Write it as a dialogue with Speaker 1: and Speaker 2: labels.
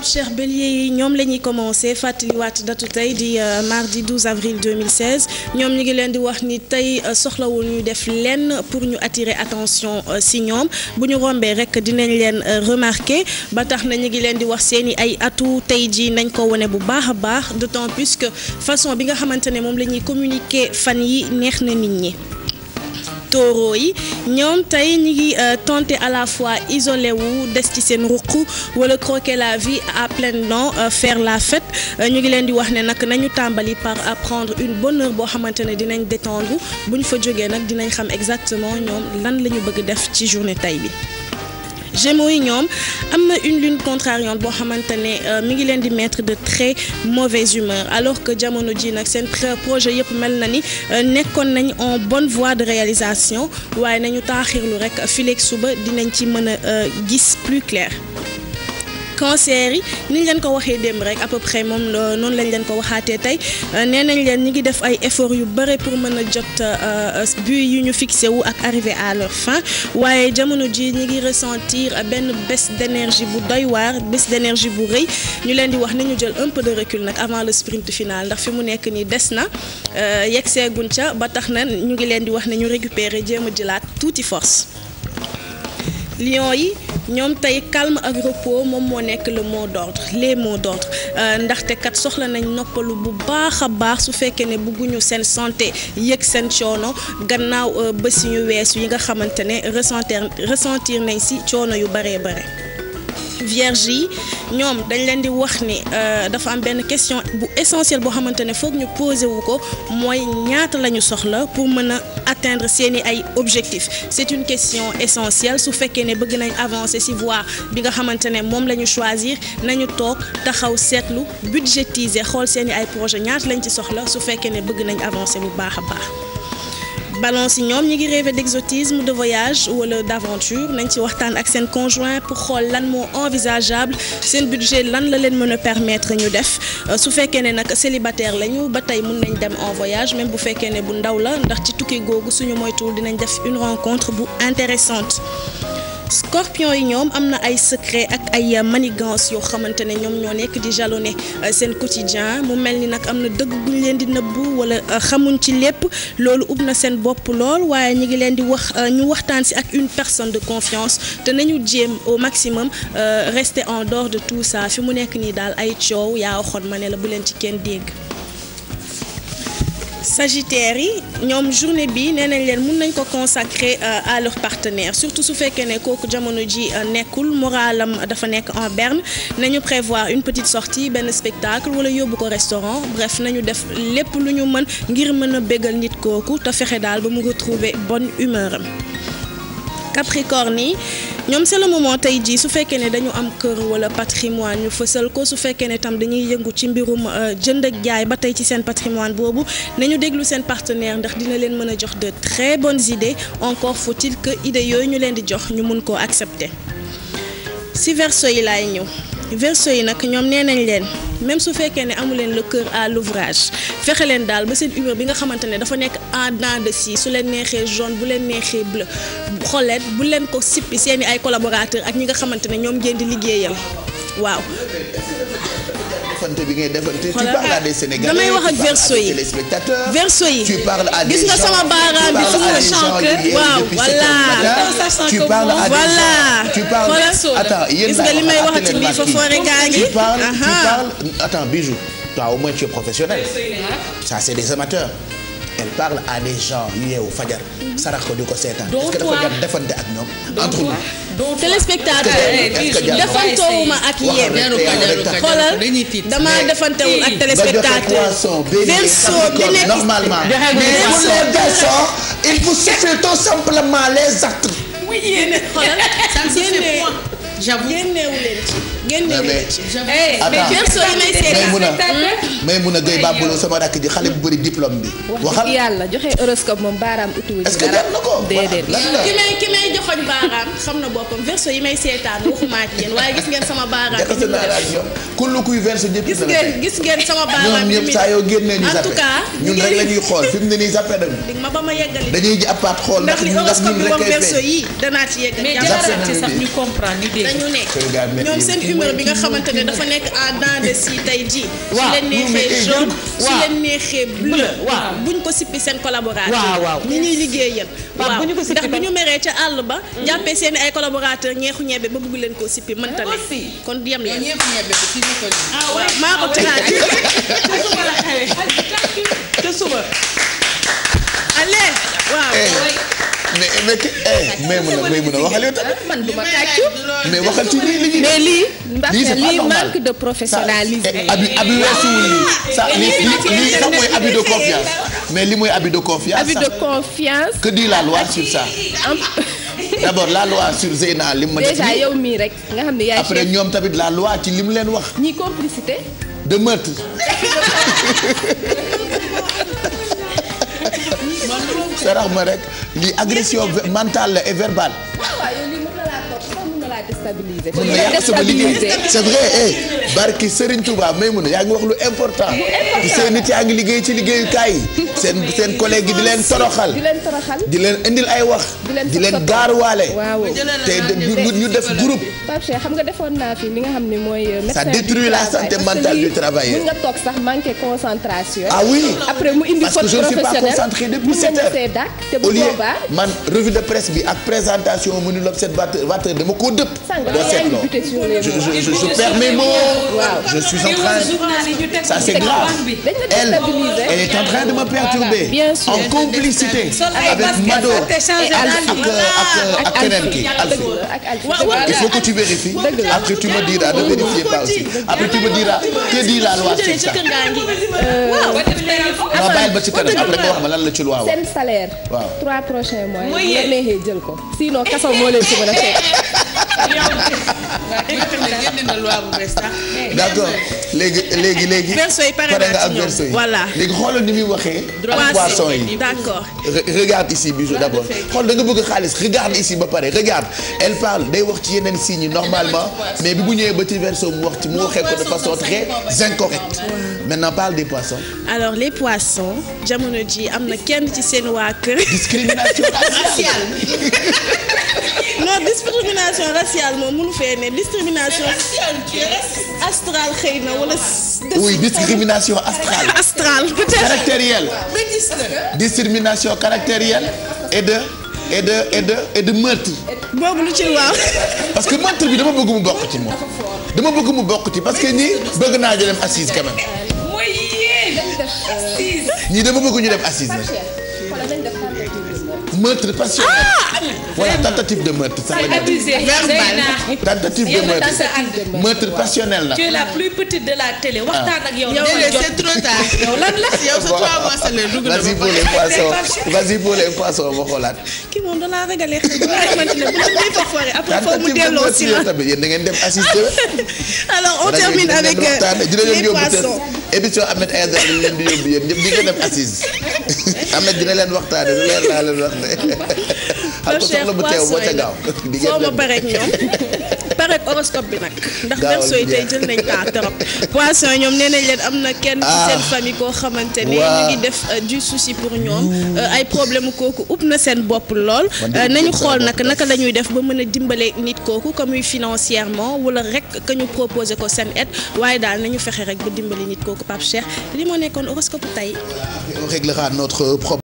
Speaker 1: Pape Cheikh Bélier yi ñoom la ñuy commencé fàttaliwaat datu tey di euh, mardi 12 avril 2016 ñoom ñu ngi leen di wax ni tey euh, soxlawul ñu def lenn pour ñu attirer attention euh, si ñoom bu ñu rombee rek dinañ leen remarquer ba tax na ñu ngi leen di wax seen i ay atu tey jii nañ ko wone bu baax a baax d'autant plus que façon bi nga xamante ne moom la ñuy communiquer fan yi neex na nit ñi. taureau yi ñoom tey ñu ngi euh, tenter à la fois isolé wu des ci seen ruq wala croquer la vie à pleines euh, faire la fête euh, ñu ngi leen di wax ne nag nañu tàmbali par apprendre une bonne boo xamante ne dinañ détendre bu ñu fa jógee nag dinañ xam exactement ñoom lan la ñu bëgg def ci journée tey bi Gémeaux yi ñoom am na une lune contrariante boo xamante ne euh, mi ngi leen di mettre de très mauvaise humeur alors que jamono ji nag seen projet yëpp mel na ni euh, nekkoon nañ en bonne voie de réalisation waaye nañu taaxirlu rek fileeg suba dinañ ci mën a euh, gis plus clair. cancer yi ni leen ko waxee démb rek à peu près moom noonu lañ leen ko waxaatee tey euh, nee nañ leen ñi ngi def ay effort yu bare pour mën a jot euh, euh, but yu ñu fixé wu ak arrivé à leur fin waaye jamono ji ñi ngi ressentir benn baisse d'énergie bu doy waar baisse d'énergie bu rëy ñu leen di wax nañu jël un peu de recul nag avant le sprint final ndax fi mu nekk nii des na yegg seegun ca ba tax na ñu ngi leen di wax ne ñu récupérer jéem a jëlaat tuuti force lion yi ñoom tey calme ak repos moom moo nekk le mot d'ordre les mots d'ordre euh, ndaxte kat soxla nañ noppalu bu baax a baax su fekkee ne bëgguñu seen santé yëg seen coono gannaaw euh, bés yu wees yi nga xamante ne ressentir nañ si coono yu baree bare vierge yi ñoom dañ leen di wax ni euh, dafa am benn question bu essentielle boo xamante ne foog ñu posé wu ko mooy ñaata la ñu soxla pour mën a atteindre seeni ay objectifs c'est une question essentielle su fekkee ne bëgg nañ avancer si voie bi nga xamante ne moom la ñu choisir nañu toog taxaw seetlu budgétiser xool seeni ay projet ñaata lañ ci soxla su fekkee ne bëgg nañ avancer bu baax a baax ballon si ñoom ñi ngi rêver d'exotisme de voyage wala d'aventure nañ ci waxtaan ak seen conjoint pour xool lan moo envisageable seen budget lan la leen mën a permettre ñu def euh, su fekkee ne nag célibataire lañu ba tey mun nañ dem en voyage même bu fekkee ne bu ndaw la ndax ci tukki googu suñu moytuwul dinañ def une rencontre bu intéressante scorpion yi ñoom am na ay secret ak ay manigance yoo xamante ne ñoom ñoo nekk di jalonné euh, seen quotidien mu mel ni nag am na dëgg guñ leen di nëbbu wala euh, xamuñ ci lépp loolu ub na seen bopp lool waaye ñu ngi leen di wax euh, ñu waxtaan si ak une personne de confiance te nañu jéem au maximum reste en dehors de tout ça fi mu nekk nii daal ay coow yaa waxoon ma ne la bu leen ci kenn dégg sagittaires yi ñoom journée bi nee nañ leen mun nañ ko consacrer euh, à leur partenaire surtout su fekkee ne kooku jamono ji euh, nekkul moralam dafa nekk en berne nañu prévoir une petite sortie benn spectacle wala yóbbu ko restaurant bref nañu def lépp lu ñu mën ngir mën a bégal nit kooku te fexe daal ba mu retrouver bonne humeur am Capricorne ñoom c'est moment tey jii su fekkee ne dañu am kër wala patrimoine ñu fësal ko su fekkee ne tam dañuy yëngu ci mbirum euh, jënd ak jaay ba tey ci seen patrimoine boobu nañu déglu seen partenaire ndax dina leen mën a jox de très bonnes idées encore faut-il que idées yooyu ñu leen di jox ñu mun ko accepter si verso yi laay ñëw. verseau yi nag ñoom nee nañ leen même su fekkee ne amu leen le cœur à l'ouvrage fexe leen daal ba seen humeur bi nga xamante ne dafa nekk en dents de su leen neexee jaune bu leen neexee bleu xoleet bu leen ko sippi seeni ay collaborateur ak ñi nga xamante ne ñoom ngeen di liggéeyal waaw
Speaker 2: defante bi ngay defante. tu parles à des Sénégalais damay wax ak verso yi téléspectateurs. verso yi tu parles à des gens gis nga sama baaraam bi fu mu sànq waaw voilà. tu parles à des gens tu parles attends yéen gis nga li may waxati bii fa foore gaa ngi. tu parles tu parles attends Bijou. toi au moins tu es professionnel. ça c'est des amateurs. elle parle à des gens yu yeewu fajar. sarax ko di ko seetaan. est-ce que dafa jar defante ak ñoom. entre
Speaker 1: nous téléspectateur eh, defantewuma ak yéen xoolal
Speaker 2: dama defantewul ak téléspectateur. verso bi nekk normalement. il faut citer tout simplement les actes.
Speaker 1: muy yéene xoolal ça se fait point. j'avoue génneewu leen ci génneewu leen ci eh,
Speaker 2: mais mun a Gueye Babou Lo sama rakk ji xale bu bëri diplôme bi. waxal
Speaker 1: yàlla joxe horoscope moom baaraam utiwul. est-ce que jar na xam na boppam verso yi may seetaan waxuma ak yéen waaye gis ngeen sama baaraam. jaxase naa la ak ñoom
Speaker 2: kullu kuy verso ñëpp
Speaker 1: gis ngeen sama baaraam ñoom ñëpp saa yoo génnee ñu zappe en tout ba ma yeggali dañuy ji
Speaker 2: xool ndax ñun rek kay feeñ. verso
Speaker 1: yi danaa ci yeggali mais ci sax ñu comprendre ñu dégg la ñu nekk ñoom seen humeur bi nga xamante ne dafa nekk à dents de scie tey jii. su leen neexee jaune su leen neexee bleu. waaw buñ ko sippi seen collaborateur. waaw waaw ñi ñuy liggéeyal. waaw ndax bu ñu meree ca àll ba. Mm. jàppee seen ay collaborateur ñeexu ñebe ba bëgg leen koo sippi mënta ne kon yem leen. ñeexu ñebe bi fii ah ah ko ah waaw maa ko traité. suba la xewee. te suba. allez waaw.
Speaker 2: Eh. Ah mais mais eh, mais may mën a waxal yow tamit. man du ma tàccu. mais waxal ci lii li mais lii. lii c'est pas normal lii manque
Speaker 1: de professionnalisme. abi abi weesuwul lii. ça lii lii sax mooy abus de confiance.
Speaker 2: mais li mooy abus de confiance. abus de
Speaker 1: confiance.
Speaker 2: que dit la loi sur ça. d'abord la loi sur Zeyna lim ma. def déjà yow
Speaker 1: mii rek nga xam ne yaay après ñoom
Speaker 2: tamit la loi ci lim leen wax.
Speaker 1: ñi complicité.
Speaker 2: de meurtre. sarax ma rek. lii agression mentale la et verbale déstabiliser. mën na yàq liggéey c'est vrai eh barki Serigne Touba may mun a yaa ngi wax lu important. seen nit yaa ngi liggéey ci liggéeyukaay yi. seen seen collègue yi di leen toroxal. di leen toroxal di leen indil ay wax. di leen gaaruwaale. waaw te ñu def groupe. Pape
Speaker 1: Cheikh xam nga defoon naa fi li nga xam ne mooy. Euh, ça détruit la santé mentale du travailleur. mën nga toog sax manqué concentration. ah oui parce que je suis pas concentré
Speaker 2: man revue de presse bi ak présentation mu ni l'observateur dama koo dëpp. je,
Speaker 1: je, je perds mes mots. Je suis en train. Ça c'est grave. Elle, elle est en train de me perturber. en complicité avec Mado ak ak keneen ki Alfi. Il faut que tu
Speaker 2: vérifies. Après tu me diras de vérifier pas aussi. Après tu me diras que dit la loi sur ça.
Speaker 1: Euh, waaw bàyyil ba ci kanam après nga wax ma
Speaker 2: lan la ci loi wax. seen salaire. waaw
Speaker 1: trois prochains mois. mooy yéen jël ko. sinon kaso moo leen ci mën a fekk.
Speaker 2: d'accord léegi léegi léegi. verso yi nga ak verso yi voilà. léegi xoolal ni muy waxee. ak poisson yi d'accord. regarde ici bijou d'abord xool da nga bëgg xaalis regarde ici ba pare regarde elle parle day wax ci yeneen signes normalement mais bi bu ñëwee ba ci verso mu wax ci mu waxee ko de façon très incorrecte maintenant parle des poissons.
Speaker 1: alors les poissons jamono ji am na kenn ci seen waa kër. discrimination
Speaker 2: raciale
Speaker 1: non discrimination raciale moom mënu fee ne discrimination. astrale xëy na wala.
Speaker 2: oui discrimination astrale. astrale peut discrimination caractérielle et de. et de et de et boobu lu ci waaw. parce que meurtre bi dama bëgg bokk ci moom. dama bëgg mu bokk ci parce que ñii bëgg naa ñu dem assise quand nii
Speaker 1: mooy yéen. assise ñii
Speaker 2: dama bëgg dem assise nag. meurtre passionnel. ah voilà tentative de meurtre. sax la ñu tentative de meurtre
Speaker 1: meurtre passionnel la. tu es la plus petite de la télé waxtaan ak yow.
Speaker 2: Ah. lan la. yow sa trois mois c'est le dugg na vas-y pour les poissons vas-y pour les poissons ma xoolaat.
Speaker 1: kii moom da laa régalé xëy na bu si la.
Speaker 2: yéen da ngeen dem assister. alors on termine avec euh, les poissons. émission Ahmed Aidara lañ leen di yóbbu yéen ñëpp di ko dem assise Ahmed dina leen waxtaane lu leer laa leen wax ne.
Speaker 1: xam nga soxla bu teew boo ca gaaw.
Speaker 2: di ngeen dem soo ma
Speaker 1: arrête horoscope bi nag ndax Verseau yi tey jël nañ temps trop poisson ñoom nee leen am na kenn ci ah. seen famille koo xamante ne ñu ngi def euh, du souci pour ñoom euh, ay problème kooku upp na seen bopp lool euh, nañu xool nag naka la ñuy def ba mën dimbale nit kooku comme muy financièrement wala rek que ñu proposé ko seen aide waaye daal nañu fexe rek ba dimbale nit kooku Pape Cheikh li moo nekkoon horoscope tey
Speaker 2: on